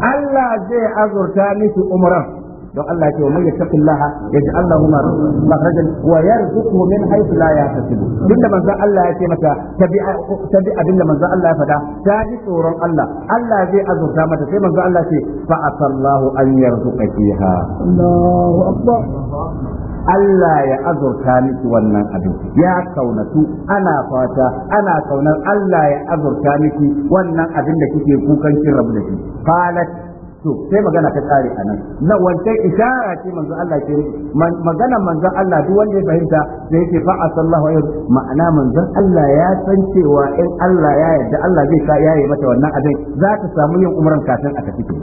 Allah zai azurta miki umran don Allah ce wa man yattaqillaha yaj'al lahu makhrajan wa yarzuquhu min la Allah ya ce mata tabi Allah ya fada ta ji tsoron Allah Allah zai azurta mata sai manzo Allah ce fa asallahu an yarzuqakiha Allahu akbar Allah ya azurta miki wannan abin ya kaunatu ana fata ana kaunar Allah ya azurta miki wannan abin da kike kukan kin rabu da shi qalat to sai magana ta tsare anan na wancan ishara ce manzo Allah ke magana manzo Allah duk wanda ya fahimta da yake fa sallahu alaihi ma'ana manzo Allah ya san cewa in Allah ya yarda Allah zai ka yaye mata wannan abin za ta samu yin umran kafin a fito.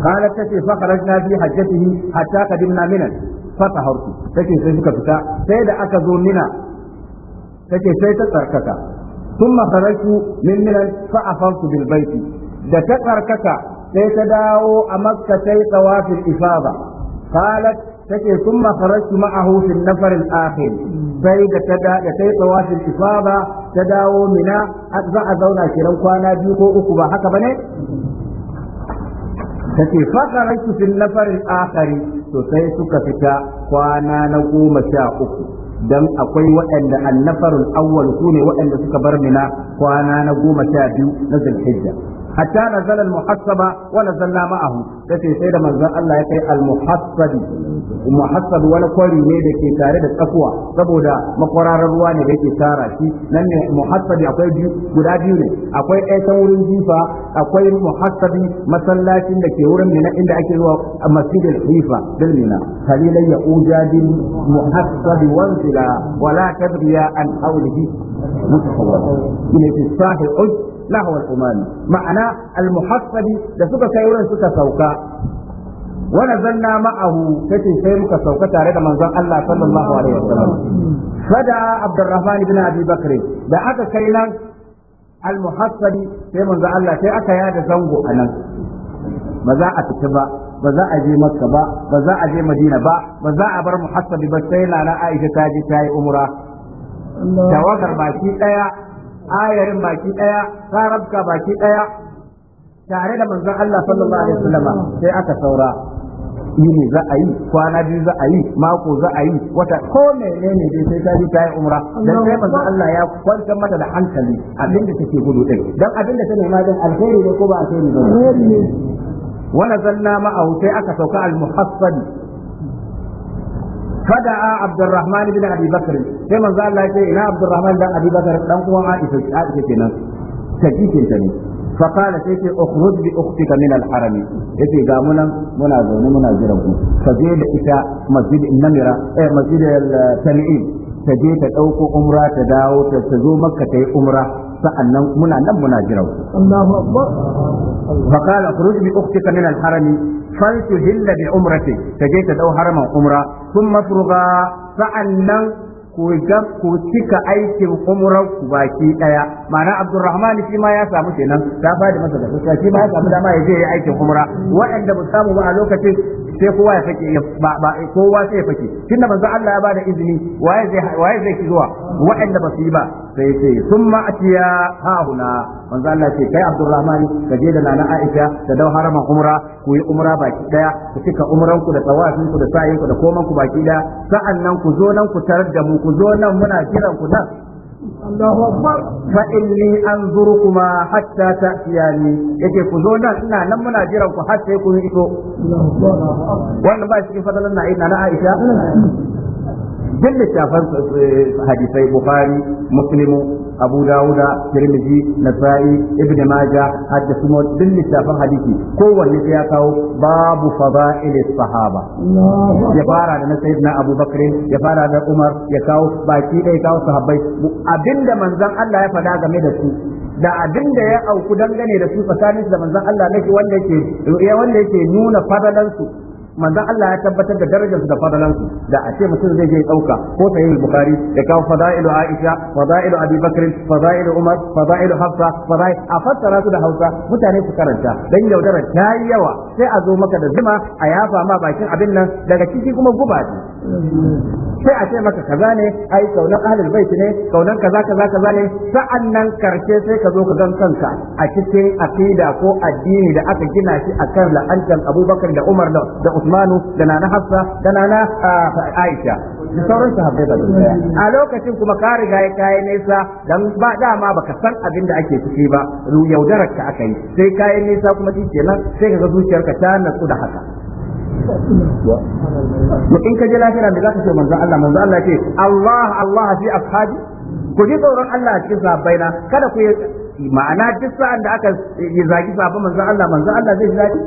qalat ta ce fa kharajna fi hajjatihi hatta qadimna minan fata harku take sai suka fita sai da aka zo mina take sai ta tsarkaka ثم خرجت من منى فأفضت بالبيت da ta tsarkaka sai ta dawo a makka sai tsawafin ifada qalat take summa kharajtu ma'ahu fi an-nafar al-akhir sai da ta da sai tsawafin ifaba ta dawo mina za a zauna kiran kwana biyu ko uku ba haka bane take fa kharajtu fi an-nafar al-akhir to sai suka fita kwana na goma sha uku dan akwai waɗanda annafarul awwal su ne waɗanda suka bar mina kwana na goma sha biyu na zulhijja hatta nazal al muhassaba wa nazalna ma'ahu tace sai da manzon Allah ya kai al muhassabi muhassab wani kwari ne da ke tare da tsakuwa saboda makwararar ruwa ne da yake tara shi nan ne muhassabi akwai guda biyu ne akwai ɗaya wurin jifa akwai muhassabi masallacin da ke wurin mina inda ake zuwa masjidil hifa dal mina kalilai ya ujadin muhassabi wanzila wala tabriya an hawlihi nahwa al-umman ma'ana al-muhassabi da suka kai wurin suka sauka wa nazalna ma'ahu kace sai muka sauka tare da manzon Allah sallallahu alaihi wasallam fada Abdurrahman ibn Abi Bakr da aka kai nan al-muhassabi sai manzon Allah sai aka yada zango anan ba za a fita ba ba za a je makka ba ba za a je madina ba ba za a bar muhassabi ba sai lana na aisha ta je ta yi umra tawagar baki daya ayarin baki daya sarabka baki daya tare da manzon Allah sallallahu alaihi wasallam sai aka saura yini za a yi kwana biyu za a yi mako za a yi wata ko menene dai sai ta ta yi umra dan sai manzo Allah ya kwantar mata da hankali abin da take gudu din dan abin da ta nema dan alheri ne ko ba alheri ba wannan zanna ma'ahu sai aka sauka al-muhassadi fada'a abdurrahman bin abi bakr sai manzo Allah ya ce ina abdurrahman dan abi bakr dan uwan aisha aisha kenan tajikin ta ne فقال سيتي اخرج باختك من الحرم يتي غامنا منا زوني منا جربو فجيد إتا مسجد النمرة ايه مسجد التنعيم تجي تدوكو عمرة تداو تزو مكة تي عمرة sa'annan muna nan muna jiran Allahu akbar faqala khuruj bi min faltu hilla bi umrati ta je ta dau haraman umra kun mafruga nan ku ga ku cika aikin umrar ku baki daya ma'ana Abdurrahman shi ma ya samu kenan ta fadi masa da fuska shi ma ya samu dama ya je ya aikin umra waɗanda ba samu ba a lokacin sai kowa ya fake ba ba kowa sai ya fake tunda manzo Allah ya bada izini waye zai waye zai ki zuwa waɗanda ba su yi ba sai ya ce summa atiya manzo Allah ce kai Abdurrahman ka je da nana Aisha da dau haraman umra ku yi umra baki daya ku cika umran ku da tawafin ku da sayin ku da koman ku baki daya sa'annan ku zo nan ku tarar da mu ku zo nan muna kiran ku nan fa inni anzurukuma hatta ta'tiyani yake ku zo nan ina nan muna jiran ku har sai kun iso wannan ba cikin fadalan na na Aisha جل da shafan hadisai مسلم أبو داود dawuda نسائي nasa'i ibn Maja, hadda su duk da shafan hadisi kowanne ya kawo babu fada'il sahaba ya fara da na sayyidina abu bakr ya fara da umar ya kawo baki ɗaya kawo abinda game da su da abin da ya auku dangane da su tsakanin da manzon Allah nake wanda yake wanda yake nuna fadalansu manzon Allah ya tabbatar da darajarsu da fadalansu da a ce mutum zai je dauka ko sahih bukhari ya kawo fadailu aisha fadailu abi bakr fadailu umar fadailu hafsa fadail a fassara su da hausa mutane su karanta dan yaudara ta yi yawa sai a zo maka da zuma a yafa ma bakin abin nan daga ciki kuma guba ce sai a ce maka kaza ne ai kaunan ahlul bait ne kaunan kaza kaza kaza ne sa'annan karshe sai ka zo ka gan kanka a cikin aqida ko addini da aka gina shi akan la'antan abubakar da umar da Usmanu da nana Hafsa da nana Aisha da sauran sahabbai ba a lokacin kuma ka riga ya kai nesa dan ba dama baka san abin da ake ciki ba yaudarar ka aka yi sai kai nesa kuma shi nan sai ka ga zuciyarka ta natsu da haka in ka je lafiya da zaka ce manzon Allah manzon Allah ce Allah Allah fi ashabi ku ji tsoron Allah cikin baina kada ku ma'ana duk sa'an da aka yi zagi sabon manzon Allah manzon Allah zai zagi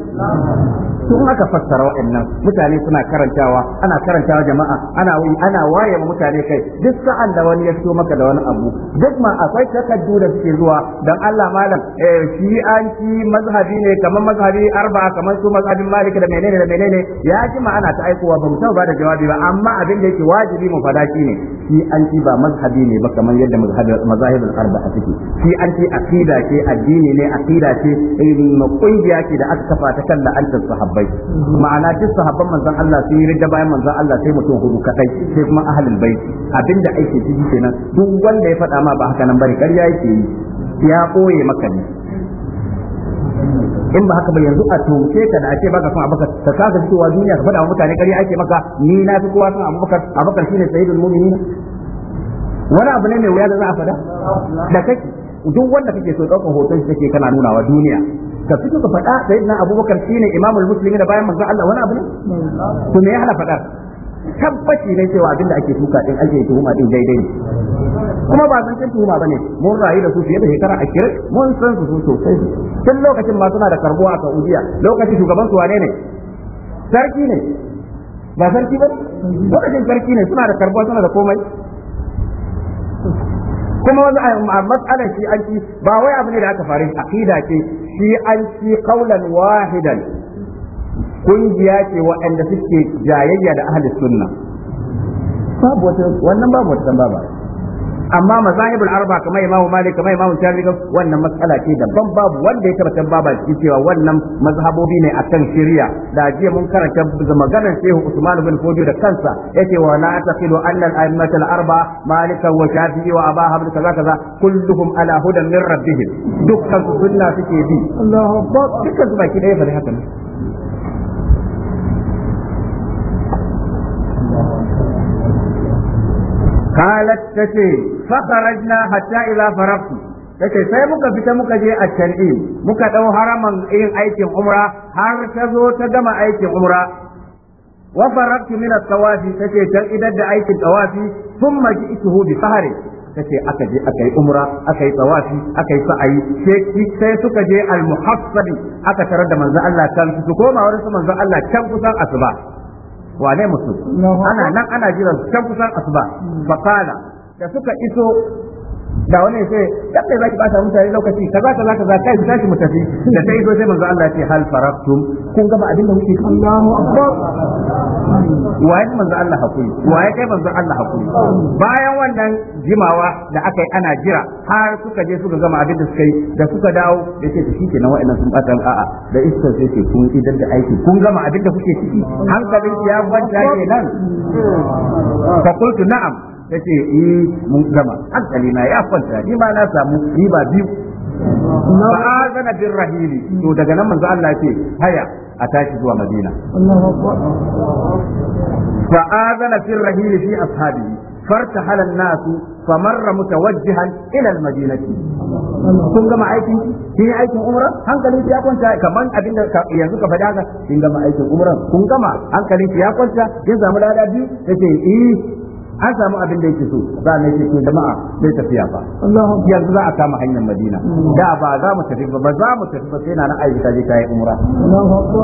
tun aka fassara waɗannan mutane suna karantawa ana karantawa jama'a ana ana waye mutane kai duk sa'an da wani ya fito maka da wani abu duk ma akwai takaddu da suke zuwa dan Allah malam eh shi an ci mazhabi ne kamar mazhabi arba kamar su mazhabin Malik da menene da menene ya ji ma'ana ta aikowa ba mu ba da jawabi ba amma abin da yake wajibi mu fada shi ne shi an ci ba mazhabi ne ba kamar yadda mazhabin mazahibul arba'a suke shi an ci aqida ce addini ne aqida ce eh, kungiya ce da aka kafa ta kan la'antar sahabbai ma'ana duk sahabban manzon Allah sun yi ridda bayan manzon Allah sai mutum hudu kadai sai kuma ahlul bait abinda ake ciki kenan duk wanda ya faɗa ma ba haka nan bari ƙarya yake yi ya koye maka ne in ba haka ba yanzu a tumce ka da ake baka son abubakar ka kasa fitowa duniya ka faɗa wa mutane ƙarya ake maka ni na fi kowa son abubakar abubakar shine sayyidul mu'minin wani abu ne mai wuya da za a faɗa da kake duk wanda kake so ɗaukar hoton shi kake kana nunawa duniya ka fito ka faɗa sai na abubakar shine imamul muslimi da bayan manzon Allah wani abu ne to me ya hana faɗar tabbaci ne cewa abin da ake tuka din ake tuhuma din daidai ne kuma ba san cin tuhuma bane mun rayu da su fiye da shekara 20 mun san su su sosai tun lokacin ma suna da karbuwa a Saudiya lokacin shugaban su wane ne sarki ne ba sarki ba lokacin sarki ne suna da karbuwa suna da komai kuma wani mas'alan shi an ci ba wai abu ne da aka faru aqida ce shi an ci qaulan wahidan kungiya ce waɗanda suke jayayya da ahli sunna babu wannan babu wata tambaya amma mazahibul arba kamar imamu malik kamar imamu shafi'i wannan matsala ce daban babu wanda ya taba baba shi cewa wannan mazhabobi ne akan shari'a da jiya mun karanta maganar shehu usman bin fodiyo da kansa yace wa la taqilu anna al-a'immat al-arba malik wa shafi'i wa aba hamd kaza kaza kulluhum ala hudan min rabbihim dukkan sunna suke bi Allahu akbar dukkan su baki daya fa haka ne قالت تتي fa kharajna hatta ila faraqtu take sai muka fita muka je a tan'im muka dau haraman yin aikin umra har ta zo ta gama aikin umra wa faraqtu min at-tawafi take ta idar da aikin tawafi thumma ji'tuhu bi fahri take aka je aka yi umra aka yi tawafi aka yi sa'ayi sai suka je al-muhaffadi aka tarar da manzon Allah kan su koma wurin su manzon Allah can kusan asuba wane mutum ana nan ana jiran can kusan asuba fa qala da suka iso da wani ya dan me zaki bata mutane lokaci kaza kaza kaza kai ku tashi mu tafi da sai zo sai manzo Allah ya ce hal faraktum kun gama abin da muke Allahu akbar waye manzo Allah hakuri waye kai manzo Allah hakuri bayan wannan jimawa da aka yi ana jira har suka je suka gama abin da suka yi da suka dawo da ce shi kenan wa'annan sun bata a'a da isa sai ce kun idan da aiki kun gama abin da kuke ciki hankalin ya banta nan fa qultu na'am tace eh mun gama hankali na ya kwanta ni ma na samu riba biyu fa rahili to daga nan manzo Allah ya ce haya a tashi zuwa Madina fa azana bir rahili fi ashabi فارتحل الناس فمر متوجها الى المدينه kun gama aikin kin aikin umra hankalin ya kwanta kaman abin yanzu ka kin gama aikin umra kun gama hankalin ya kwanta kin samu lada biyu yace eh an samu abin da yake so za a ce to jama'a sai tafiya ba yanzu za a kama hanyar madina hmm. da ba za mu tafi ba za mu tafi ba sai na na aisha ta yi umra to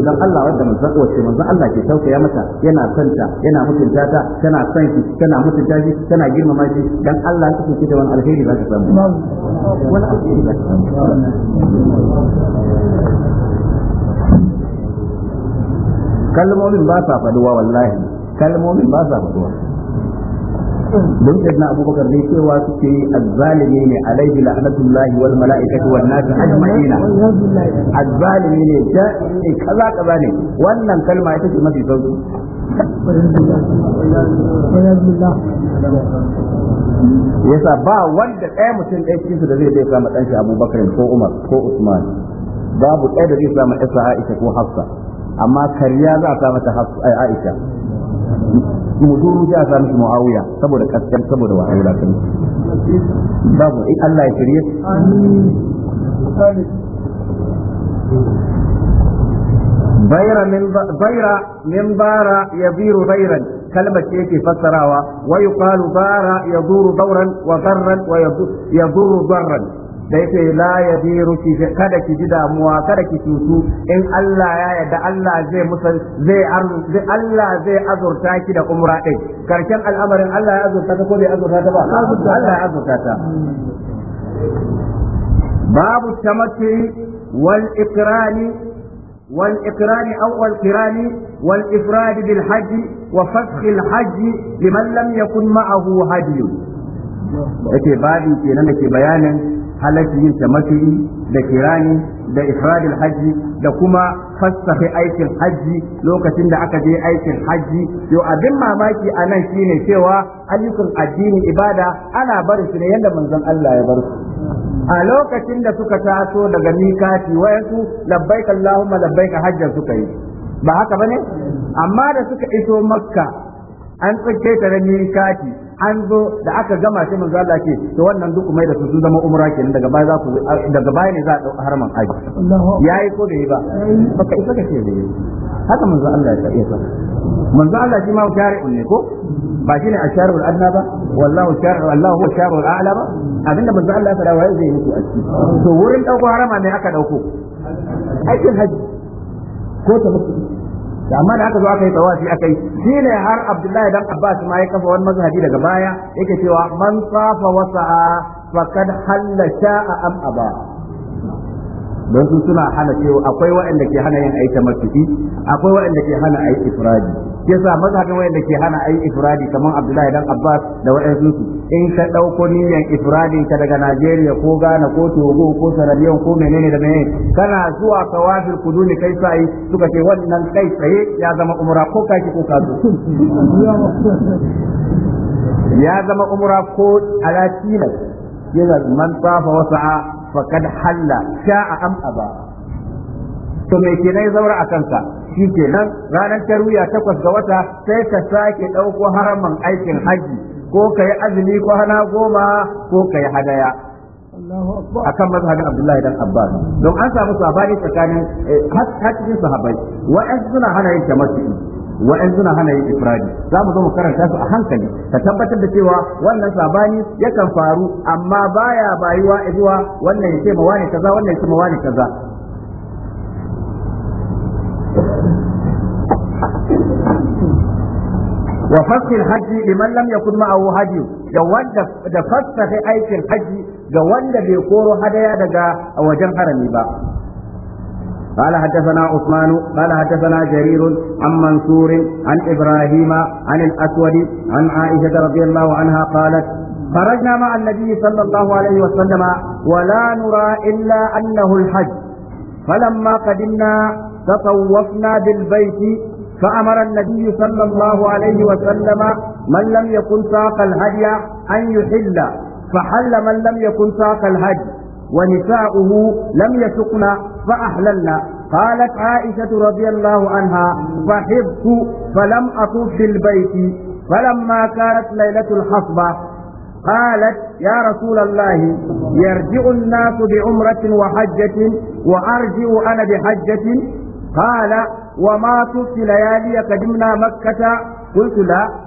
dan Allah wanda manzon wace Allah ke tausaya mata yana santa yana mutunta ta tana son shi tana mutunta shi tana girmama shi dan Allah kike da wani alheri za ka samu wani alheri za ka samu kalmomin ba sa faduwa wallahi kalmomin ba sa faduwa don sayyidina abubakar ne cewa suke azzalimi ne alaihi la'natullahi wal mala'ikati wan nas ajma'ina azzalimi ne da kaza kaza ne wannan kalma ita ce mafi sauki yasa ba wanda ɗaya mutum ɗaya cikin su da zai zai samu shi abubakar ko umar ko usman babu ɗaya da zai samu isa aisha ko hafsa amma kariya za a samu ta aisha mutum ya sa musu muawiya saboda kaskan, saboda wa'ayi lafiya babu in Allah ya shirye bayra min bara min bara yabiru bayran kalma ce yake fassarawa wa yuqalu bara yaduru dauran wa darran wa yaduru darran da yake la ya ki kada ki ji damuwa kada ki cutu in Allah ya yarda Allah zai musal zai arzu Allah zai azurta ki da umra din karshen al'amarin Allah ya azurta ta ko bai azurta ta ba Allah ya azurta ta babu wal ikrani wal ikrani aw wal kirani wal ifrad bil hajj wa fath al hajj liman lam yakun ma'ahu hadiyun yake babi kenan da ke bayanin halaccin yin tamattu'i da kirani da ifradil hajji da kuma fassafe aikin hajji lokacin da aka je aikin hajji yo abin mamaki a nan shine cewa ayyukan addini ibada ana barin su ne yadda manzon Allah ya bar su a lokacin da suka taso daga mikati wayansu labbaik Allahumma labbaik hajjan suka yi ba haka bane amma da suka iso makka an tsake ta da kati, an zo da aka gama sai manzo Allah ke, to wannan duk mai da su sun zama umra kenan daga baya za ku daga baya ne za a dauka harman aji yayi ko da yi ba baka isa ka ce da yi haka manzo Allah ya iya sa manzo Allah shi ma shari'un ne ko ba shine asharul adna ba wallahu shari'u wallahu huwa sharul a'la ba abinda manzo Allah ya faɗa wai zai yi a ciki to wurin dauko harama ne aka dauko aikin haji ko ta mutu da amma da aka zo aka yi tawafi aka yi ne har Abdullahi dan Abbas ma ya kafa wani mazhabi daga baya yake cewa man safa wasa'a faqad halla sha'a am abaa don su suna hana cewa akwai waɗanda ke hana yin aita tamattu'i akwai waɗanda ke hana ayi ifradi maza mazhabin waɗanda ke hana ayi ifradi kamar Abdullahi dan Abbas da waɗansu su in ka ɗauko niyan ifradi ka daga Najeriya ko Ghana ko Togo ko sarariyan ko menene da menene kana zuwa kawafir ne kai sa yi suka ce wannan kai tsaye ya zama umra ko kaki ko kazo ya zama umra ko ala yana man tafa wasa'a faqad halla sha'a am aba to me ke nai zaura a kanka shi ke nan ranar tarwiya takwas ga wata sai ka sake ɗauko haraman aikin haji ko ka yi azumi ko hana goma ko ka yi hadaya akan mazhabin Abdullahi dan Abbas don an samu sabani tsakanin eh, har sahabai sahabbai wa'ansu suna hana yin tamattu ɗan suna hana yin ifradi za mu zo mu karanta su a hankali ka tabbatar da cewa wannan sabani yakan faru amma baya bayuwa a zuwa wannan ya ce ma wani kaza wannan ya ce ma wani kaza wa fasil haji liman lam yakun ma'ahu haji da wanda da aikin haji ga wanda bai koro hadaya daga wajen harami ba قال حدثنا عثمان قال حدثنا جرير عن منصور عن إبراهيم عن الأسود عن عائشة رضي الله عنها قالت خرجنا مع النبي صلى الله عليه وسلم ولا نرى إلا أنه الحج فلما قدمنا تطوفنا بالبيت فأمر النبي صلى الله عليه وسلم من لم يكن ساق الهدي أن يحل فحل من لم يكن ساق الهدي ونساؤه لم يسقن فأحللنا قالت عائشة رضي الله عنها فحبت فلم في بالبيت فلما كانت ليلة الحصبة قالت يا رسول الله يرجع الناس بعمرة وحجة وأرجع أنا بحجة قال وما طفت لياليك دمنا مكة قلت لا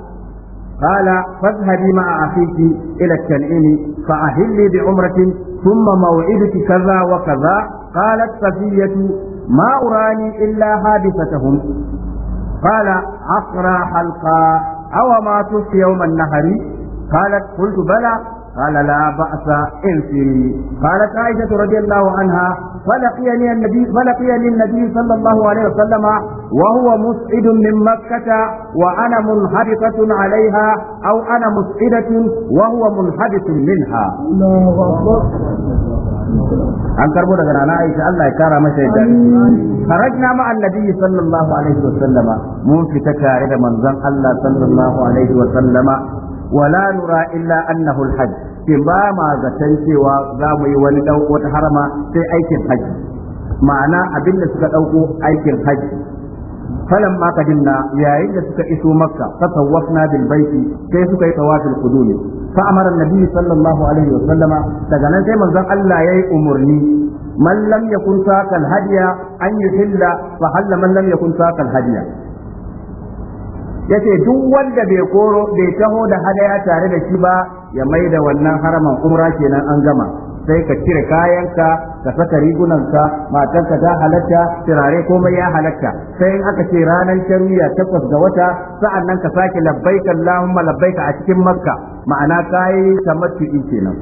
قال فاذهبي مع أخيك إلى التنعيم فأهلي بعمرة ثم موعدك كذا وكذا قالت صفية ما أراني إلا حادثتهم قال أقرى حلقا أو ما تفي يوم النهر قالت قلت بلى قال لا بأس انفري قالت عائشة رضي الله عنها فلقيني النبي فلقيني النبي صلى الله عليه وسلم وهو مسعد من مكة وأنا منحدثة عليها أو أنا مسعدة وهو منحدث منها an karbo daga rana aisha Allah ya kara masa yadda kharajna ma annabi sallallahu alaihi wa sallama mun fita tare da manzon Allah sallallahu alaihi wa sallama wala nura illa annahu alhajj in ba ma zaton cewa za mu yi wani dauko ta harama sai aikin hajji ma'ana abinda suka dauko aikin hajji فلما قدمنا يا عند سكا اسو مكة فطوفنا بالبيت كي سكا يطواف القدوم فأمر النبي صلى الله عليه وسلم تجنن كي من الله يي أمرني من لم يكن ساق الهدي أن يحل فحل من لم يكن ساق الهدي Ya ce duk wanda bai koro bai taho da hadaya tare da shi ba ya mai da wannan haraman umra kenan an gama sai ka cire kayanka ka saka rigunanka matarka ta halatta turare komai ya halatta sai in aka ce ranar tarwiya takwas ga wata sa'an nan ka sake labbaika Allahumma labbaika a cikin makka ma'ana kayi tamattu'i kenan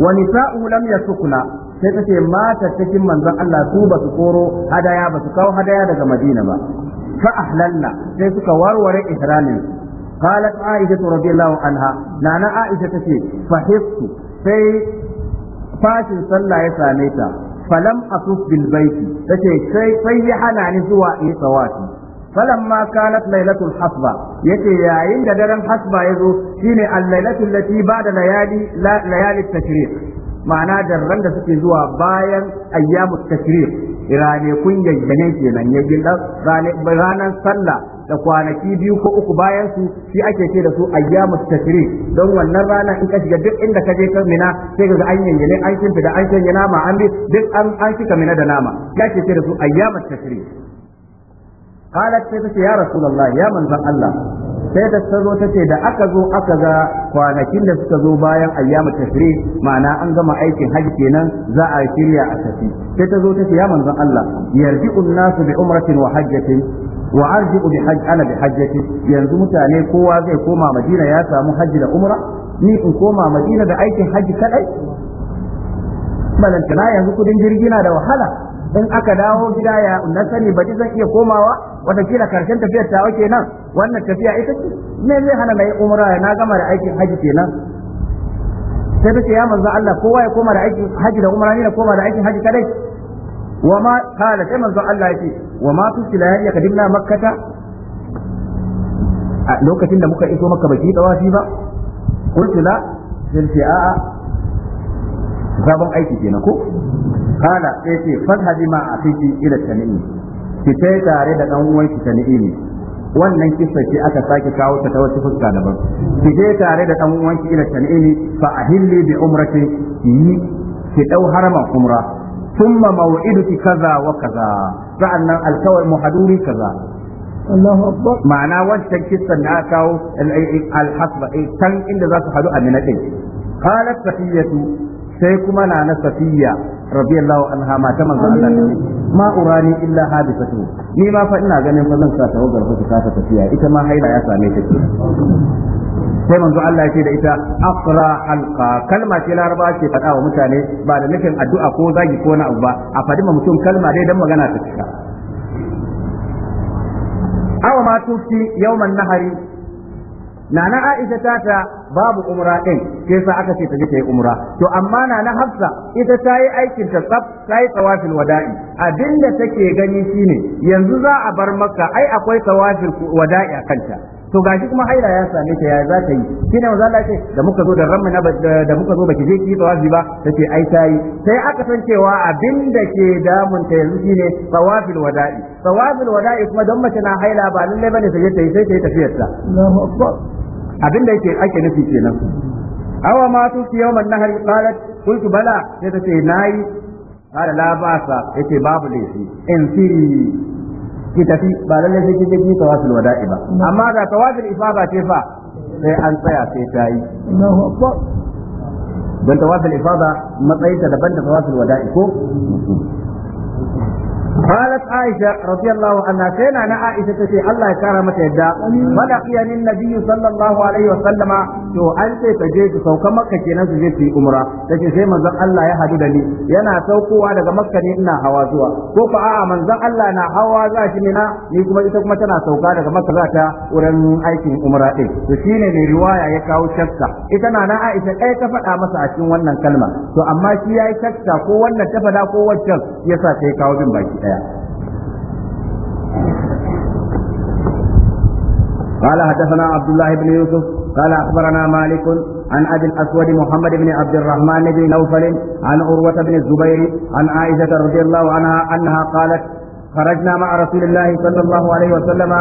wa nisa'u lam yasukuna sai ka ce mata cikin manzon Allah su ba su koro hadaya ba su kawo hadaya daga Madina ba fa ahlalla sai suka warware ihramin qalat aisha radiyallahu anha nana aisha tace fa hiftu sai fashin sallah ya same ta falam asus bil baiti tace sai sai ya hana ni zuwa yi sawati فلما كانت ليلة الحصبة يتي da daren Hasba ya zo, شيني الليلة التي بعد ليالي ليالي التشريق ma'ana darran da suke zuwa bayan ayyamu tashriq rane kun yayyane kenan yayyin ranar sallah da kwanaki biyu ko uku bayan su shi ake ce da su ayyamu tashrik don wannan rana in ka shiga duk inda ka je ka mina sai daga ga an yayyane an shimfi da an shanye nama an bi duk an an shika mina da nama ya ake ce da su ayyamu tashrik qalat sai ta ce ya rasulullahi ya manzon Allah sai ta zo tace da aka zo aka ga kwanakin da suka zo bayan ayyamu tafri ma'ana an gama aikin haji kenan za a shirya a tafi sai ta zo tace ya manzon Allah yarji'un nasu bi umratin wa hajjatin wa arji'u bi hajj ana bi hajjati yanzu mutane kowa zai koma Madina ya samu hajji da umra ni in koma Madina da aikin hajji kadai balantana yanzu kudin jirgi na da wahala in aka dawo gida ya na sani ba zan iya komawa wata kila karshen tafiyar tawa kenan wannan tafiya ita ce me zai hana na yi umra na gama da aikin haji kenan sai ta ce ya manzo Allah kowa ya koma da aikin haji da umra ne na koma da aikin haji kadai wa ma kala sai manzo Allah ya ce wa ma tusila ya kadimna makkata a lokacin da muka iso makka baki da wasi ba qultu la sai ce a'a sabon aiki kenan ko kala sai ce fadhabi ma afiki ila tanimi ki tai tare da dan uwan ki tanimi wannan kisa ce aka sake kawo ta ta wasu fuska daban ki je tare da dan uwanki ila tan'imi fa ahilli bi umrati yi ki dau haraman umra thumma maw'iduki kaza wa kaza sa'annan alkawar muhaduri kaza Allahu akbar ma'ana wancan kisa da aka kawo alhasba tan eh, inda za su hadu a minatin qalat safiyatu sai kuma na na safiya radiyallahu anha mata manzo Allah ma urani illa hadisatu ni ma fa ina ganin fa zan sa tawagar fa ta ta tafiya ita ma haila ya same ta ke sai manzo Allah ya ce da ita aqra halqa kalma ce laraba ce faɗa wa mutane ba da nufin addu'a ko zagi ko na abu a fadi ma mutum kalma dai dan magana ta cika aw ma yawman nahari nana Aisha ta babu umra din sai sa aka ce ta je ta yi umra to amma na na hafsa ita ta yi aikin ta tsaf ta yi tawafin wada'i abinda take gani shine yanzu za a bar maka ai akwai tawafin wada'i a kanta to gashi kuma haila ya same ta ya za ta yi shine wanda Allah ce da muka zo da ramma na da muka zo baki je ki tawafi ba tace ai ta yi sai aka san cewa abinda ke damun ta yanzu shine tawafin wada'i tawafin wada'i kuma don mace na haila ba lalle bane ta je ta yi sai ta yi tafiyar ta abin da yake ake nufi kenan awa ma tu fi yawman nahari qalat qultu bala sai ce nayi qala la ba'sa yace babu laifi in fi ki tafi ba lalle sai kike ki tawasul wada'i ba amma da tawasul ifada ce fa sai an tsaya sai tayi yi. dan tawasul ifada matsayin ta daban da tawasul wada'i ko قالت عائشة رضي الله عنها كان أنا عائشة تشي الله كرمت يدا فلقيني النبي صلى الله عليه وسلم تو أنت تجيت سو كما كنا تجيت في أمرا تجي زي من ذا الله يحدد لي ينا سوكو وانا مكة إنا هوازوا كوفا آه من ذا الله نا هوازا شمنا نيكما إتوكما تنا سوكا لغا مكة ذاتا ورن أيكين أمرا إيه تشيني من رواية يكاو شكا إتنا أنا عائشة أي تفتا مسا أشين وانا كلمة تو أما شي أي شكا كو وانا تفتا كو وانا يسا تيكاو بمباكي daya قال حدثنا عبد الله بن يوسف قال أخبرنا مالك عن أبي الأسود محمد بن عبد الرحمن بن نوفل عن عروة بن الزبير عن عائشة رضي الله عنها أنها قالت خرجنا مع رسول الله صلى الله عليه وسلم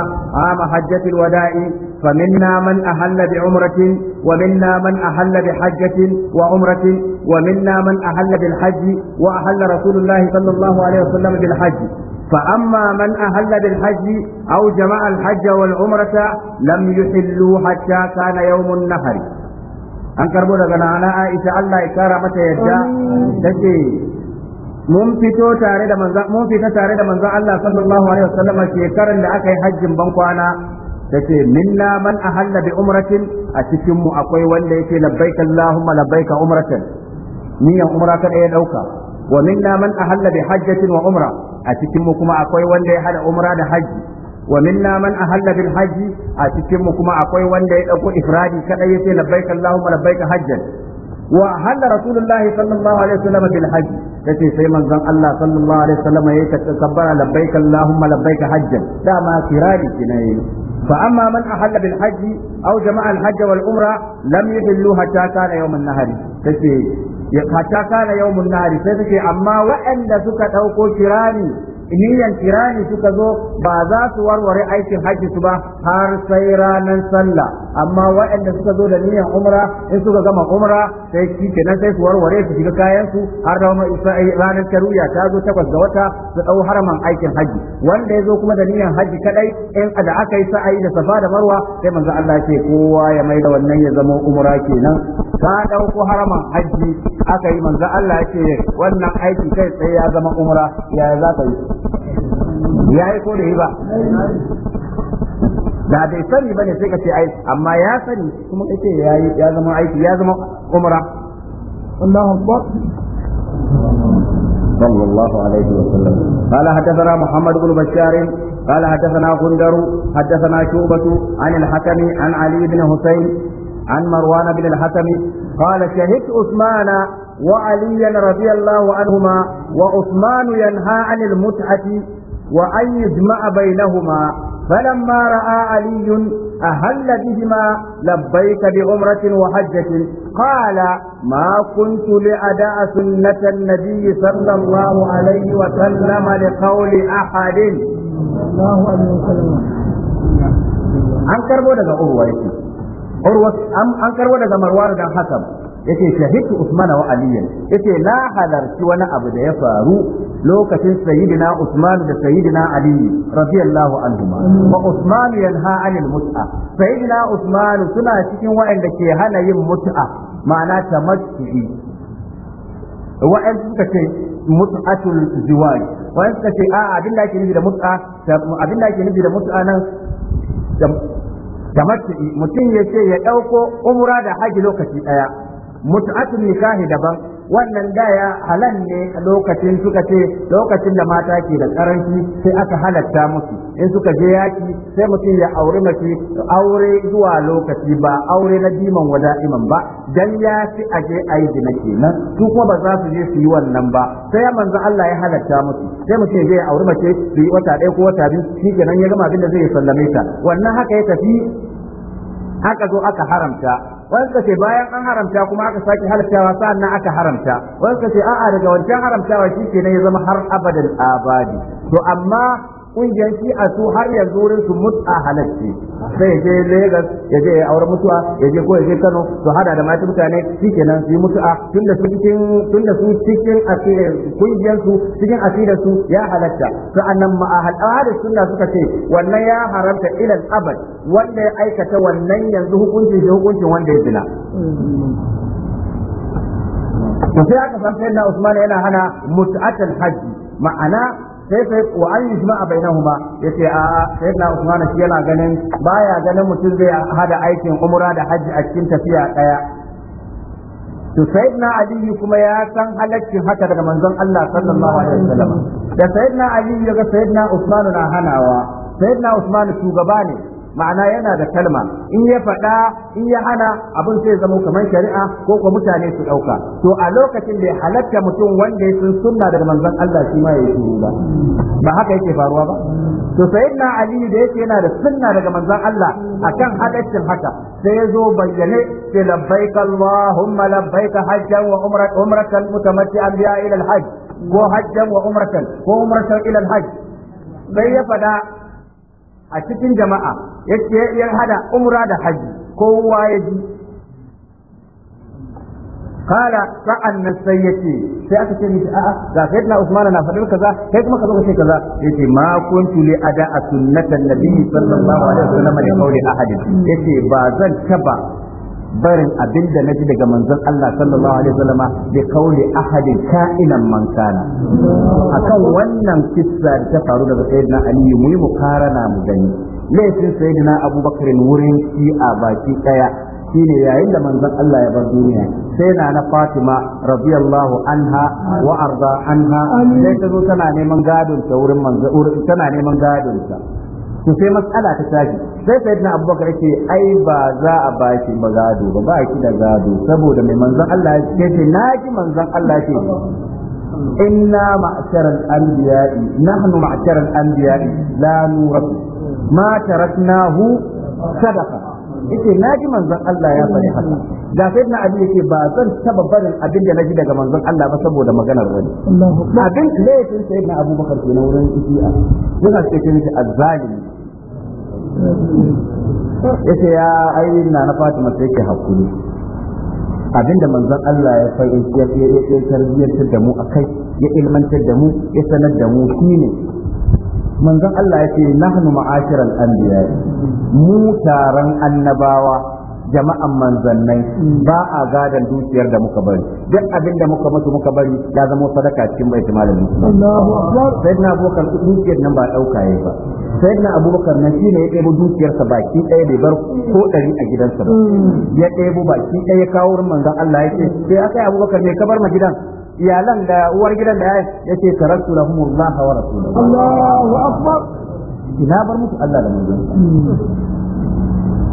عام حجة الوداع فمنا من أحل بعمرة ومنا من أحل بحجة وعمرة ومنا من أحل بالحج وأحل رسول الله صلى الله عليه وسلم بالحج فأما من أهل بالحج أو جمع الحج والعمرة لم يحلوا حتى كان يوم النحر أنكر karbo daga عائشة الله Allah متى kara mun fito tare da manzon mun fita tare da manzon Allah sallallahu alaihi wasallam shekaran da aka yi hajjin ban kwana tace minna man ahalla bi umratin a cikin mu akwai wanda yake labbaika allahumma labbaika umratan niyan umra ka ya dauka wa minna man ahalla bi hajjatin wa umra a cikin mu kuma akwai wanda ya hada umra da hajji wa minna man ahalla bil hajji a cikin mu kuma akwai wanda ya dauko ifradi kadai yace labbaika allahumma labbaika hajjan wa hada rasulullahi sallallahu alaihi wasallam bil hajj kace sai manzon Allah sallallahu alaihi wasallam ya ce tabbara labbaik allahumma labbaik hajj da ma kirani kinai fa amma man ahalla bil hajj aw jama'a al hajj wal umra lam yuhillu hatta kana yawm an nahari kace ya hatta kana yawm sai kace amma wa'anda suka ɗauko kirani niyan kirani suka zo ba za su warware aikin hajji su ba har sai ranan sallah amma waɗanda suka zo da niyyar umra in suka gama umra sai shi kenan sai su warware su shiga kayan su har da eh, ranar taruya ta zo takwas ga wata su ɗau haraman aikin haji wanda ya zo kuma da niyyar haji kadai in da aka yi sa'ayi da safa da marwa sai manzo Allah ce kowa ya mai da wannan ya zama umra kenan ka ɗauko haraman haji aka yi manzo Allah ce wannan aiki kai tsaye ya zama umra ya za ka yi ya yi ko da yi ba da bai sani bane sai ka ce ai amma ya sani kuma kace yayi ya zama aiki ya zama umra Allahu akbar صلى الله عليه وسلم قال حدثنا محمد بن بشار قال حدثنا غندر حدثنا شعبة عن الحكم عن علي بن حسين عن مروان بن الحكم قال شهدت عثمان وعليا رضي الله عنهما وعثمان ينهى عن المتعة وأن يجمع بينهما فلما رأى علي أهل بهما لبيك بعمرة وحجة قال ما كنت لأداء سنة النبي صلى الله عليه وسلم لقول أحد الله عليه وسلم an karbo daga urwa yake urwa an karbo daga marwar dan hakan yace shahidtu Usman wa Aliyan yace na halarci wani abu da ya faru lokacin sayyidina Usman da sayyidina Ali radiyallahu anhuma wa Usman yanha anil mut'a sayyidina Usman suna cikin waɗanda ke hana yin mut'a ma'ana tamattu'i wa'anda suka ce mut'atul ziwaj wa'anda suka ce a abin da ake nufi da mut'a abin da ake nufi da mut'a nan tamattu'i mutum ya ce ya ɗauko umra da haji lokaci ɗaya mutu'atun nikahi daban wannan daya halal ne lokacin suka ce lokacin da mata ke da karanci sai aka halatta musu in suka je yaki sai mutum ya aure mace aure zuwa lokaci ba aure na diman wada'iman ba dan ya fi aje ayi zina kenan su kuma ba za su je su yi wannan ba sai ya manzo Allah ya halatta musu sai mutum ya je ya aure mace su yi wata ɗaya ko wata biyu shi kenan ya gama abin da zai sallame ta wannan haka ya tafi haka zo aka haramta wani ce bayan an haramta kuma aka sake halattawa sa'annan aka haramta wani ce a'a daga wancan haramtawa shi ke ya zama har abadan abadi to amma kungiyar shi a su har yanzu wurin su mutsa halarci sai je Legas ya je ya aure mutuwa ya je ko ya je Kano su hada da mata mutane shikenan su yi mutuwa tunda su cikin tunda su cikin asirin kungiyar su cikin asirin su ya halatta sa'annan ma da sunna suka ce wannan ya haramta ilal abad wanda ya aikata wannan yanzu hukuncin shi hukuncin wanda ya zina to sai aka san sayyidina Usman yana hana mut'atul hajji ma'ana sai sai ko an bainahuma yace a a sai na Usman shi yana ganin baya ganin mutum zai hada aikin umra da hajji a cikin tafiya daya to sayyidina ali kuma ya san halaccin haka daga manzon Allah sallallahu alaihi wasallam da sayyidina ali ya ga sayyidina Usman na hanawa sayyidina Usman shugaba ne ma'ana yana da kalma in ya faɗa in ya hana abin sai zama kamar shari'a ko kuma mutane su ɗauka to a lokacin da ya halatta mutum wanda ya sun sunna daga manzon Allah shi ma ya yi ba ba haka yake faruwa ba to sayyidina Ali da yake yana da sunna daga manzon Allah akan halaccin haka sai ya zo bayyane sai labbaik Allahumma labbaik hajjan wa umrat umratan mutamatti'an biha ila al-hajj ko hajjan wa umratan ko umratan ila al-hajj sai ya faɗa a cikin jama'a ya hada umra da haji kowa ya ji kala sa'an nan sai ya ce sai aka ce mishi a'a ga sai na Usman na faɗin kaza kai kuma ka zo ka ce kaza yace ma kuntu li ada sunnatan nabi sallallahu alaihi wasallam da kauli ahadin yace ba zan taba barin abin da ji daga manzon Allah sallallahu alaihi wasallama bi qawli ahadin ka'inan man kana akan wannan kissa da ta faru daga sayyidina Ali mu yi mukarana mu gani laifin sayyidina Abubakar wurin shi a baki daya shine yayin da manzon Allah ya bar duniya sai na na Fatima radiyallahu anha wa arda anha sai ta zo tana neman gadon ta wurin manzon tana neman gadon ta to sai matsala ta tashi sai sayyidina abubakar yake ai ba za a baki ba gado ba ba ki da gado saboda mai manzon Allah ya ce na ji manzon Allah ya ce inna ma'sharal anbiya'i nahnu ma'sharal anbiya'i la nuratu, ma taraknahu sadaqa yace ji manzon Allah ya faɗi haka ga na abin yace ba zan taba barin abin da ji daga manzon Allah ba saboda maganar wani abin laifin na Abubakar kenan wurin isiya yana cikin shi azzalimi yace ya ai na na Fatima sai ke hakuri da manzon Allah ya fahimci ya tarbiyyar da mu akai ya ilmantar da mu ya sanar da mu shine manzon Allah ya yace nahnu ma'ashiral anbiya mu taron annabawa jama'an manzannai ba a gadan dukiyar da muka bari duk abin da muka mutu muka bari ya zama sadaka cikin bai baitul malin Allahu akbar na Abubakar dukiyar nan ba dauka yayi ba na Abubakar nan shine ya ɗebo dukiyar sa baki ɗaya bai bar ko ɗari a gidansa ba mm. ya ɗebo baki ɗaya kawo manzon Allah yake sai aka yi Abubakar ne ka bar ma gidan iyalan da uwar gidan da yace taraktu lahumullah wa suna. Allahu akbar ina bar musu Allah da manzon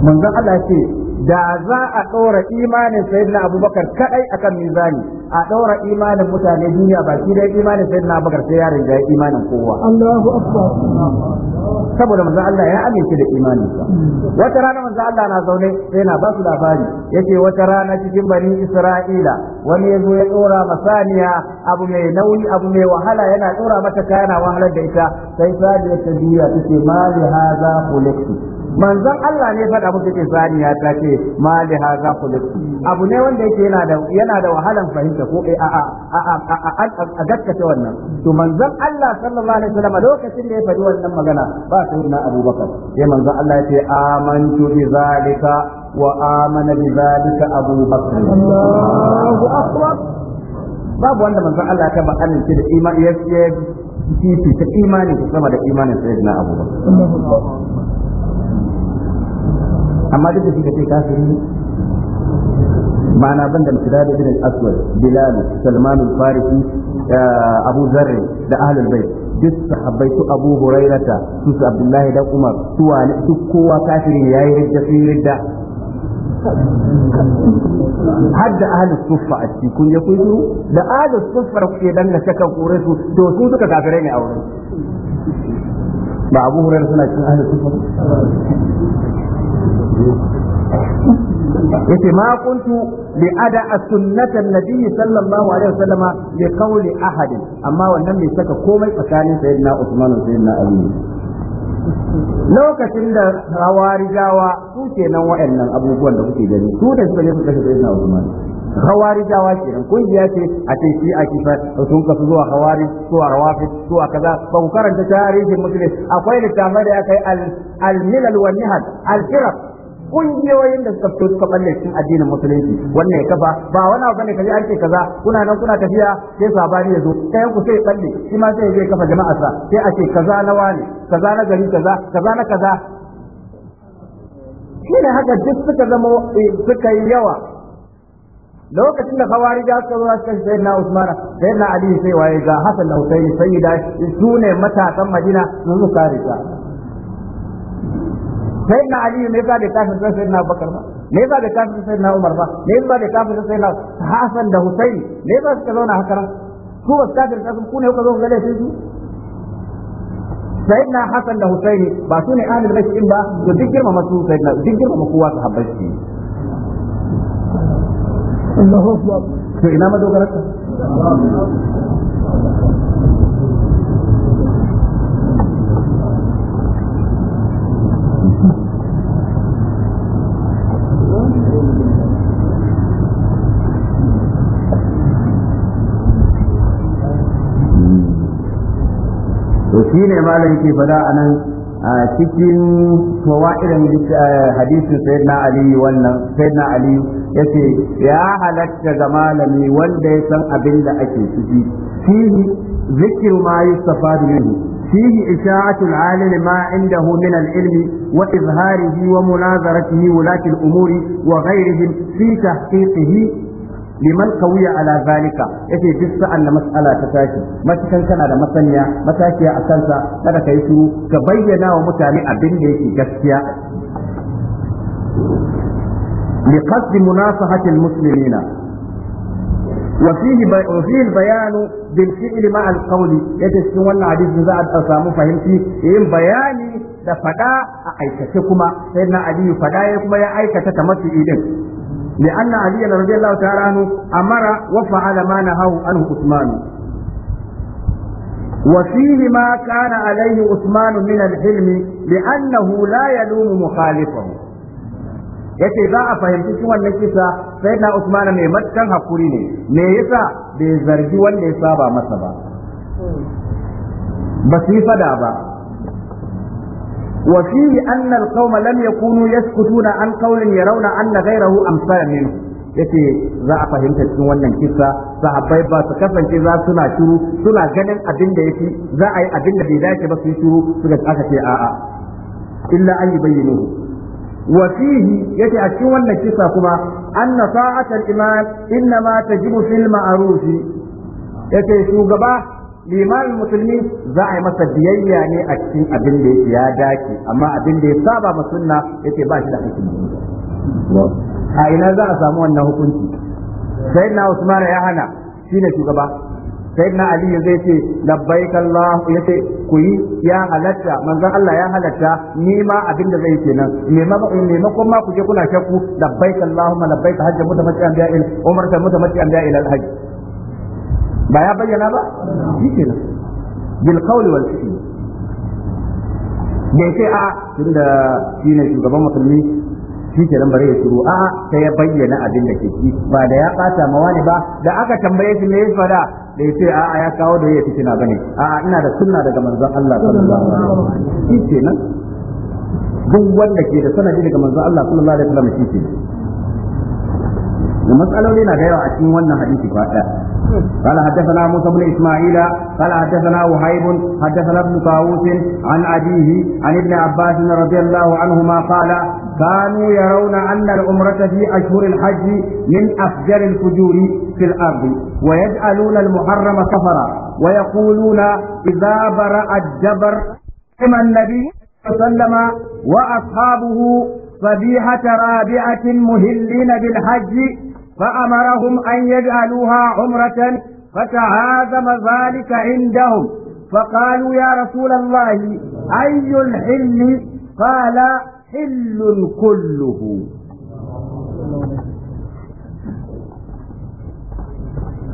manzon Allah ce. da za a ɗora imanin sayyidina abubakar kadai akan mizani a ɗora imanin mutane duniya baki da imanin sayyidina abubakar sai ya rinjaye imanin kowa saboda manzo Allah ya amince da imanin sa wata rana manzo Allah na zaune sai na ba su labari yace wata rana cikin bani Isra'ila wani yazo ya ɗora masaniya abu mai nauyi abu mai wahala yana ɗora mata kayana wahalar da ita sai saniya ta biya tace ma li kulli manzon Allah ne fada muke ce saniya ta ce ma li hadha abu ne wanda yake yana da yana da wahalan fahimta ko a a a a a gaskace wannan to manzon Allah sallallahu alaihi wasallam lokacin da ya faɗi wannan magana ba sai na Abubakar sai manzon Allah ya ce amantu bi zalika wa amana bi zalika Abubakar Allahu akbar babu wanda manzon Allah ta ba amince da imani ya fifita imani sama da imanin sayyidina Abubakar amma duk da shi kace kafiri ma'ana ban da misdad ibn al-aswad bilal salman al-farisi eh, abu zarr da ahlul bayt duk sahabbai su abu hurairata su abdullahi dan umar su wani duk kowa kafiri ne yayi ridda fi ridda har da ahlus suffa a cikin ya kuyi da ahlus suffa ke dan na shakka kore su to su suka kafirai ne a wurin ba abu hurairata suna cikin ahlus suffa yace ma kuntu li ada sunnatan nabiy sallallahu alaihi wasallam li qawli ahad amma wannan bai saka komai tsakanin sayyidina Usman da sayyidina Ali lokacin da hawarijawa su kenan waɗannan abubuwan da kuke gani su da suka ne suka sayyidina Usman khawarijawa kenan kungiya ce a ce shi a kifa sun kasu zuwa khawari zuwa rawafi zuwa kaza ba ku karanta tarihin musulmi akwai littafai da aka yi al-milal wa nihal al-firaq kungiyoyin da suka fito suka balle cikin addinin musulunci wannan ya kafa ba wani abu ne kaje ake kaza kuna nan kuna tafiya sai sabani ya zo sai ku sai balle shi ma sai zai kafa jama'a sa sai ake kaza na wani kaza na gari kaza kaza na kaza shi ne haka duk suka zama eh, suka yi yawa lokacin da da suka zo suka sai na Usman sai na Ali sai waye ga Hassan da sai sayyida su ne matasan Madina sun zo kare ta sai na Ali ne ka da kafin sai na Bakar ba ne ba da kafin sai na Umar ba ne ba da kafin sai na Hassan da Hussein, ne ka suka zauna haka nan ku ba da kafin ku ne kuka zo ga laifin su na Hassan da Hussein ba su ne ahlul bayt din ba to duk girma masu na duk girma ka sahabbai Allahu akbar to ina madogarar ka to shi ne malam ke fada a nan a cikin fawaidan hadisin sayyidina ali wannan sayyidina ali yace ya halatta ga malami wanda ya san abin da ake ciki fihi zikru ma yustafadu minhu fihi isha'atul alim ma indahu min al-ilmi wa izharihi wa munazaratihi wulati al-umuri wa ghayrihim fi tahqiqihi liman kawiya ala zalika yace duk sa'an da mas'ala ta tashi matakan kana da masaniya matakiya a kansa kada kai su ka bayyana wa mutane abin da yake gaskiya لقصد مناصحة المسلمين وفيه وفيه البيان بالفعل مع القول يتسكن وانا حديث نزاع أسامو فهمتي إن بياني da fada a aikace kuma sai na aliyu fada ya kuma ya لأن علي رضي الله تعالى عنه أمر وفعل ما نهاه عنه عثمان وفيه ما كان عليه عثمان من الحلم لأنه لا يلوم مخالفه yace za a fahimci shi wannan kisa sai na Usman mai matkan hakuri ne me yasa bai zargi wanda ya saba masa ba ba su yi fada ba وفيه أن القوم لم يكونوا يسكتون عن قول يرون أن غيره أمثال منه yace za a fahimta cikin wannan kisa sahabbai ba su kasance za suna shiru suna ganin abin da yake za a yi abin da bai dace ba su shiru suka aka ce a'a illa an yi وفيه يتي أشوان نكسا كما أن طاعة الإمام إنما تجب في المعروف يتي شوغبا limamin musulmi za a yi masa biyayya ne a cikin abin da yake ya dace amma abin da ya saba ma sunna yake ba shi da hakimi a ina za a samu wannan hukunci sai na usman ya hana shine shugaba na ali zai ce labbaik allah yace ku yi ya halatta manzon Allah ya halatta ni ma abin da zai kenan maimakon ma ku je kuna shakku labbaik allahumma labbaik hajja mutamati'an bi'a il umrata mutamati'an bi'a ila al-hajj ba ya bayyana ba shi kenan bil qawli wal fi'l sai a tunda shi ne shugaban musulmi shi ke nan bare ya shiru a sai ya bayyana abin da ke ci ba da ya bata mawani ba da aka tambaye shi ne ya fada bai ce a ya kawo da ya kina bane Aa, ina da sunna daga manzon Allah sallallahu alaihi wasallam shi nan duk wanda ke da sanadi daga manzon Allah sallallahu alaihi wasallam shi kenan المسألة لنا غير عشرين وانا حديثي فاتح قال حدثنا موسى بن إسماعيل قال حدثنا وهيب حدثنا ابن طاووس عن عن ابن عباس رضي الله عنهما قال كانوا يرون أن العمرة في أشهر الحج من أفجر الفجور في الأرض ويجعلون المحرم سفرا ويقولون إذا برأ الجبر كما النبي صلى الله عليه وسلم وأصحابه صبيحة رابعة مهلين بالحج فأمرهم أن يجعلوها عمرة فتعاظم ذلك عندهم فقالوا يا رسول الله أي الحل قال حل كله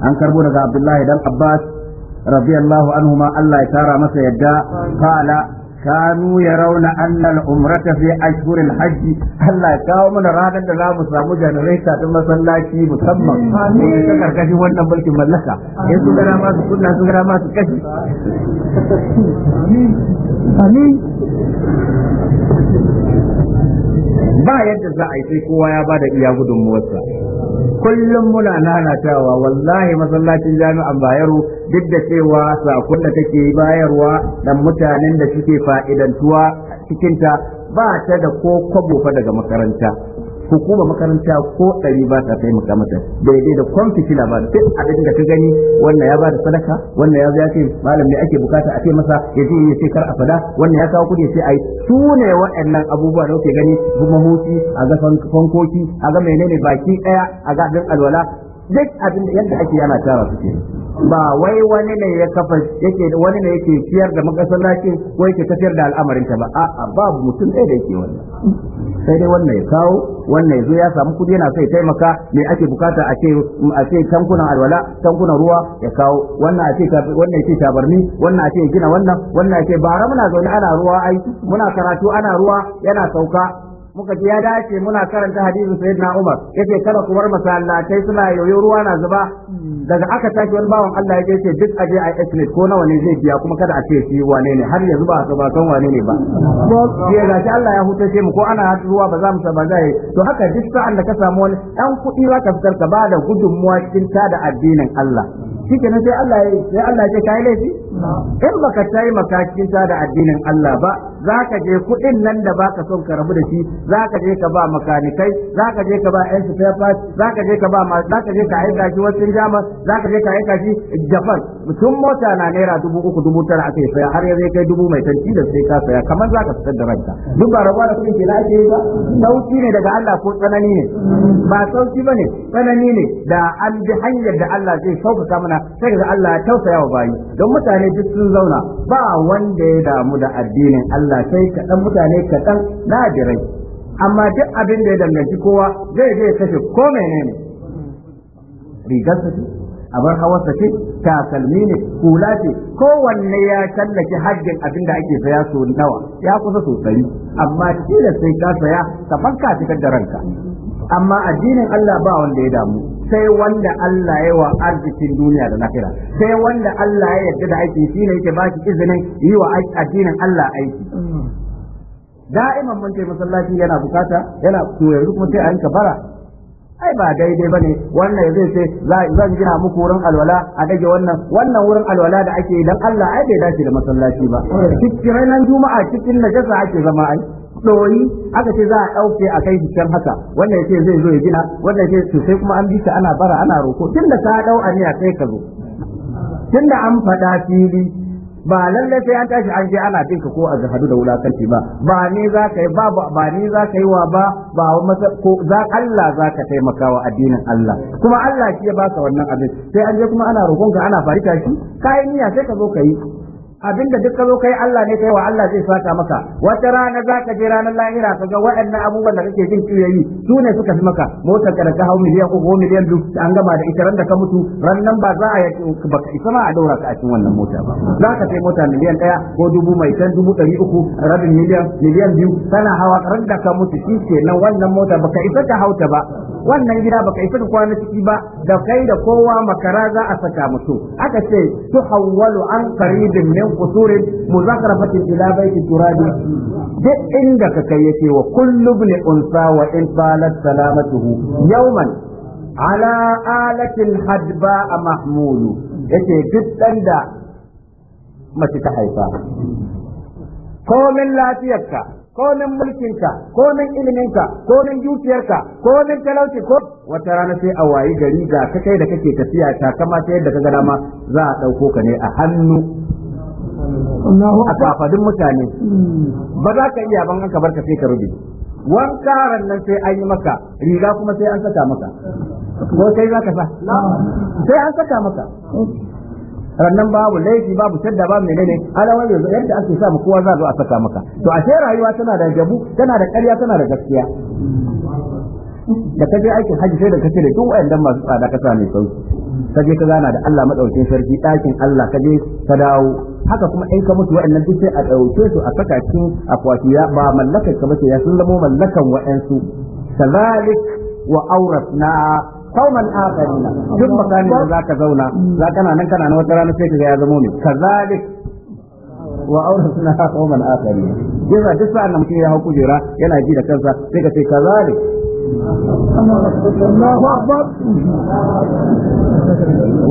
an karbo daga abdullahi dan abbas radiyallahu anhuma Allah ya tara masa yadda kala kanu rauna anna al-umrata fi ashhur al-hajj Allah ya kawo mana ranar da zamu samu generator ta masallaci musamman ne ta karkashin wannan mulkin mallaka in su gara ma su kunna su gara ma su kashi amin amin ba yadda za a yi sai kowa ya bada iya gudunmuwarsa kullum muna cewa wallahi masallacin jami'an bayero duk da cewa sakon da take bayarwa dan mutanen da suke fa'idantuwa cikinta ba ta da ko kwabo fa daga makaranta Hukuma makaranta ko ɗari ba ta taimaka mata daidai da na ba duk abin da ka gani wannan ya ba da sadaka wannan ya ya ce malam ne ake bukata a ce masa ya je ya ce kar a fada wannan ya kawo kuɗi sai yi su ne waɗannan abubuwa da kuke gani kuma hoki, a ga fankoki a ga menene baki ɗaya a ga alwala duk abin da yadda ake yana tara su ba wai wani ne ya kafa yake wani ne yake ciyar da makasallaci ko yake tafiyar da al'amarin ta ba a'a babu mutum ɗaya da yake wannan sai dai wannan ya kawo wannan ya zo ya samu kudi yana sai taimaka me ake bukata a ce a ce tankunan alwala tankunan ruwa ya kawo wannan a ce wannan ya ce tabarni wannan a ce gina wannan wannan ya ce bara muna zaune ana ruwa ai muna karatu ana ruwa yana sauka muka ji ya dace muna karanta hadisin sayyidina Umar yace kada ku bar masallatai suna yoyo ruwa na zuba daga aka tashi wani bawan Allah ya ce duk aje a estimate ko nawa ne zai biya kuma kada a ce shi wane ne har yanzu ba a ba kan wane ne ba ya gashi Allah ya hutace mu ko ana ruwa ba za mu ba zai to haka duk sa'an da ka samu wani dan kuɗi ka fitar ka ba da gudunmuwa cikin da addinin Allah nan sai Allah ya sai Allah ya kai laifi in baka tayi makakin ta da addinin Allah ba zaka je kudin nan da baka son ka rabu da shi zaka je ka ba makanikai zaka je ka ba yan spare parts zaka je ka ba ma zaka je ka aika shi wasu jama zaka je ka aika shi Japan mutum mota na naira dubu uku dubu tara ake saya har ya zai kai dubu mai tanti da sai ka saya kamar zaka fitar da ranka duk ba rabuwa da kudin ke na ake yi ba sauki ne daga Allah ko tsanani ne ba sauki bane tsanani ne da an bi hanyar da Allah zai sauka mana zauna sai ga Allah ya tausaya wa bayi don mutane duk sun zauna ba wanda ya damu da addinin Allah sai kaɗan mutane kaɗan nadirai amma duk abin da ya danganci kowa zai je kashe ko menene rigar abar hawarsa ce takalmi ne hula ce kowanne ya tallake hajjin abin da ake saya so nawa ya kusa sosai amma da sai ka saya ka fanka fitar da ranka amma addinin Allah ba wanda ya damu sai wanda Allah ya wa arzikin duniya da lafiya sai wanda Allah ya yarda da aiki shine yake ba shi izinin yi wa addinin Allah aiki da'iman mun ce masallaci yana bukata yana to kuma sai a yanka bara ai ba daidai bane wannan zai ce zan gina muku wurin alwala a dage wannan wannan wurin alwala da ake dan Allah ai bai dace da masallaci ba cikin ranar juma'a cikin najasa ake zama ai ɗoyi aka ce za a ɗauke a kai can haka wanda ya ce zai zo ya gina wanda ya ce sai kuma an bi ana bara ana roko tun da ka ɗau aniya sai ka zo tun da an faɗa fili ba lalle sai an tashi an je ana bin ka ko a hadu da wulakanci ba ba ne za ka yi ba ba ne za ka yi wa ba ba ko za Allah za ka taimaka wa addinin Allah kuma Allah shi ya baka wannan abin sai an je kuma ana rokonka ana farita shi kai niyya sai ka zo ka yi abinda duk ka zo kai Allah ne kai wa Allah zai saka maka wata rana za ka je ranar lahira ka ga waɗannan abubuwan da kake jin kiyayi su ne suka fi maka motar ka da ka hau miliyan uku ko miliyan biyu an gama da ita da ka mutu ran nan ba za a yi baka isa ma a daura ka a cikin wannan mota ba za ka kai mota miliyan ɗaya ko dubu mai can dubu ɗari uku rabin miliyan miliyan biyu kana hawa ran da ka mutu shi ke nan wannan mota baka isa ka hauta ba wannan gida ka isa ka kwana ciki ba da kai da kowa makara za a saka mutu aka ce su an qaribin min qusurin muzakarafatin ila baiti turabi duk inda ka kai yake wa kullu ibn unsa wa in talat salamatuhu yawman ala alatil hadba mahmulu yake duk dan da mace ta haifa komin lafiyarka komin mulkinka komin iliminka komin dukiyarka komin talauci ko wata rana sai a wayi gari ga ka kai da kake tafiya ta kama ta yadda ka ga dama za a ɗauko ka ne a hannu a kafadin mutane hmm. ba za ka iya ban aka barka sai ka rubi. wanka nan sai an yi maka riga kuma sai an saka maka ko sai za ka sa sai an saka maka rannan babu laifi babu tadda babu menene alawar yanzu yadda ake samu kowa za zo a saka maka to ashe rayuwa tana da jabu tana da ƙarya tana da gaskiya da kaje aikin hajji sai da kace da duk wayannan masu tsada sa mai sauki kaje ka gana da Allah madaukakin sarki ɗakin Allah kaje ka dawo haka kuma in ka mutu wa'annan duk sai a ɗauke su a saka cikin akwati ya ba mallakar ka bace ya sun zama mallakan wa'ansu kazalik wa auratna qauman akharina duk makamin da zaka zauna za kana nan kana na wata rana sai kaga ya zama ne kazalik wa auratna qauman akharina yasa duk sa'an mutum ya hau kujera yana ji da kansa sai ka ce kazalik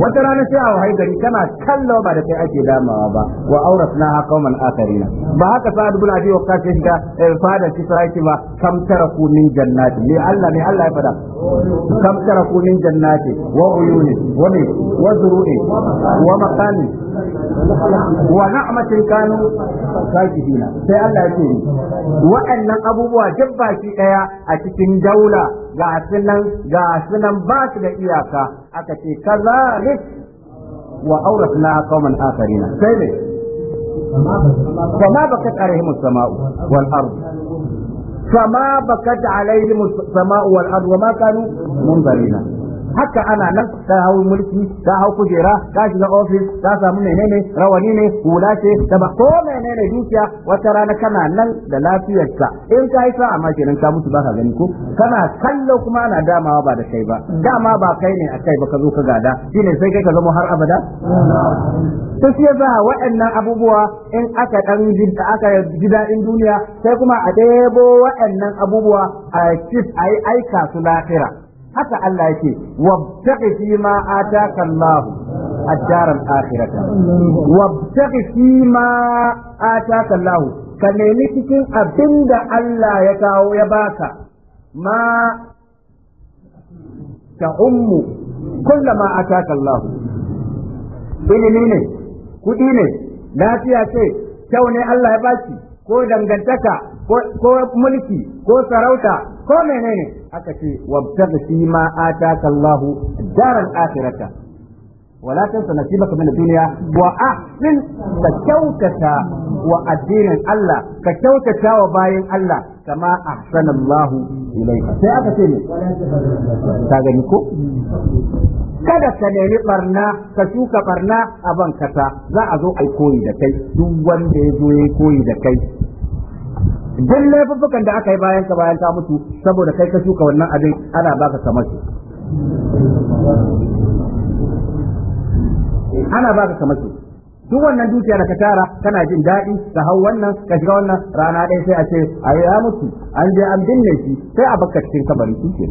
wata rana sai a wahayi gari tana kallo ba da kai ake damawa ba wa auras na auratna ha qauman akarina ba haka sa'ad ibn abi waqqas ya shiga eh, fada shi sai ki ba kam taraku min jannati ne Allah ne Allah ya faɗa. kam taraku min jannati wa uyuni wa wa zuru'i wa maqami wa na'matin kanu sakidina sai Allah ya ce waɗannan abubuwa duk baki daya a cikin daula ga sunan ga sunan ba su da iyaka aka ce kaza ne wa auratna qauman akharina sai ne فما بكت عليهم السماء والأرض alaihi بكت wal السماء والأرض وما كانوا منظرين haka ana nan ka hau mulki ka hau kujera ka shiga ofis ka samu menene rawani ne hula ce da ba ko menene dukiya wata rana kana nan da lafiyarka in ka yi sa'a ma kenan ka mutu baka gani ko kana kallo kuma ana damawa ba da kai ba dama ba kai ne a kai ba ka zo ka gada shine sai kai ka zama har abada to shi yasa waɗannan abubuwa in aka dan aka ji daɗin duniya sai kuma a ɗebo waɗannan abubuwa a cif a yi aika su lafira haka Allah yake wabtaqi fi ma ataka Allah ad-dar al-akhirah wabtaqi fi ma ataka Allah ka nemi cikin abinda Allah ya kawo ya baka ma ta ummu ma ataka Allah ilimi ne kudi ne lafiya ce kyau ne Allah ya baki ko dangantaka ko mulki ko sarauta ko menene aka ce wabtaghi shi ma ataka Allahu daral akhirata wala tansa nasibaka min dunya wa ahsin ka kyautata wa addinin Allah ka kyautata wa bayin Allah kama ahsana Allahu sai aka ce ne ta gani ko kada ka nemi barna ka shuka barna a ban kasa za a zo ai koyi da kai duk wanda ya zo ya koyi da kai duk laifuffukan da aka yi bayan ka bayan ta mutu saboda kai ka shuka wannan abin ana baka kamar ana baka kamar duk wannan dukiya da ka tara kana jin daɗi ka hau wannan ka shiga wannan rana ɗaya sai a ce a ya mutu an je an binne shi sai a baka cikin kabarin shi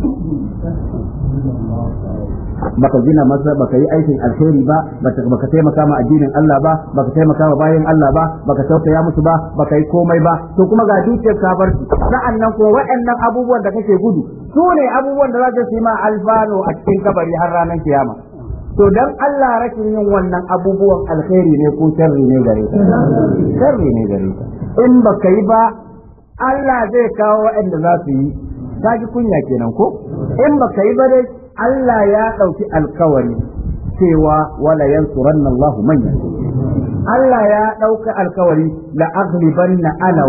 baka gina masa baka yi aikin alheri ba baka taimaka ma addinin Allah ba baka taimaka ma bayan Allah ba baka tausaya musu ba baka yi komai ba to kuma ga dukiyar ka bar su sa'annan ko waɗannan abubuwan da kake gudu su ne abubuwan da za su yi ma alfano a cikin kabari har ranar kiyama to dan Allah rashin yin wannan abubuwan alheri ne ko sharri ne gare ka sharri ne gare ka in baka yi ba Allah zai kawo waɗanda za su yi Ta ji kunya kenan ko in baka yi ba dai Allah ya ɗauki alkawari cewa wala yansuranna Allah man Allah ya ɗauka alkawari la aghlibanna ana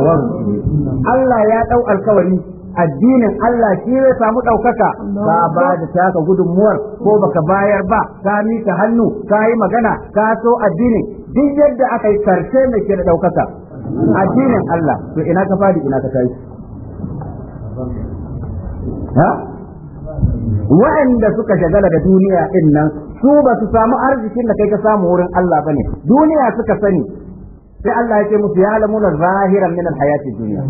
Allah ya ɗau alkawari addinin Allah shi ya samu ɗaukaka ba ba da taka gudunmuwar ko baka bayar ba ka mika hannu ka yi magana ka so addinin duk yadda aka yi karshe mai ke da ɗaukaka addinin Allah to ina ka fadi ina ka tashi waɗanda suka shagala da duniya din nan su ba su samu arzikin da kai ka samu wurin Allah bane duniya suka sani sai Allah ya ce musu ya alamuna zahiran min alhayati duniya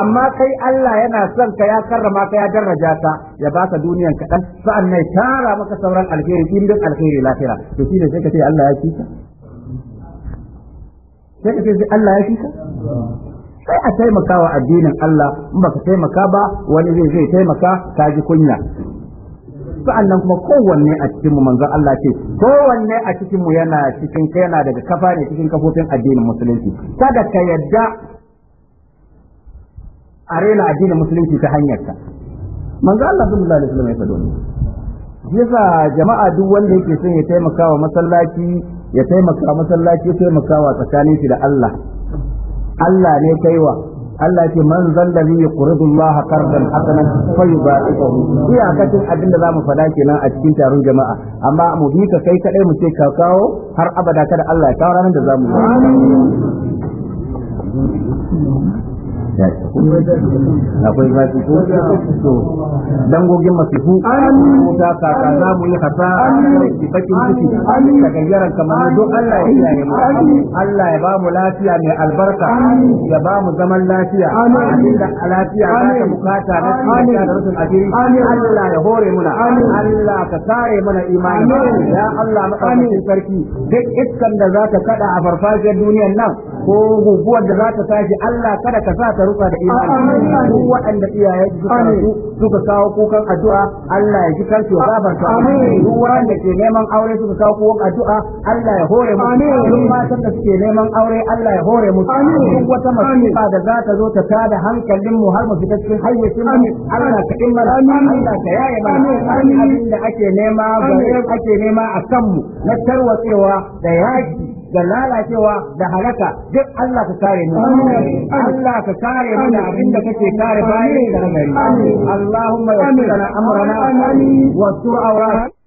amma kai Allah yana son ka ya karrama ka ya daraja ka ya baka duniyan kaɗan sa'an nan tara maka sauran alheri din duk alheri lafiya. to shine sai ka ce Allah ya ci sai ka ce Allah ya ci sai a taimaka wa addinin Allah in baka taimaka ba wani zai zai taimaka ka ji kunya sa'annan kuma kowanne a cikin mu manzon Allah ce kowanne a cikin mu yana cikin yana daga kafa ne cikin kafofin addinin musulunci kada ka yadda a rena addinin musulunci ta hanyar ka manzon Allah sallallahu alaihi wasallam ya faɗo ne yasa jama'a duk wanda yake son ya taimaka wa masallaci ya taimaka masallaci ya taimaka wa tsakanin da Allah Allah ne kaiwa Allah ce man da zai yuridu Allah qardan hasanan fayudaifahu iyakacin abin da zamu faɗa kenan a cikin taron jama'a amma mu bi ka kai kadai mu ce ka kawo har abada kada Allah ya kawo ranar da zamu yi zafi akwai zafi ko to dangogin masifu wuta kaka za mu yi hasa bakin ciki da gayyaran kamar don Allah ya kiyaye mu Allah ya ba mu lafiya mai albarka ya ba mu zaman lafiya abinda lafiya za ta bukata na cikin da rufin asiri Allah ya hore muna Allah ka kare mana imani ya Allah madaukakin sarki duk iskan da za ta kada a farfajiyar duniyar nan ko guguwar da za ta tashi Allah kada ka sa ta rufa da imani duk waɗanda iyaye suka karatu suka kawo kukan addu'a Allah ya ji kansu ya babar su duk waɗanda ke neman aure suka kawo kukan addu'a Allah ya hore musu duk matan da suke neman aure Allah ya hore mu duk wata masifa da za ta zo ta tada hankalin mu har mu fita cikin hayyacin mu Allah ka imma Allah ka yaye mana abin da ake nema ake nema a kanmu na tarwatsewa da yaki da lalacewa da halaka duk Allah ka kare mu Allah ka kare mu da abin da kake kare bayan da nagari Allahumma yassir lana amrana wa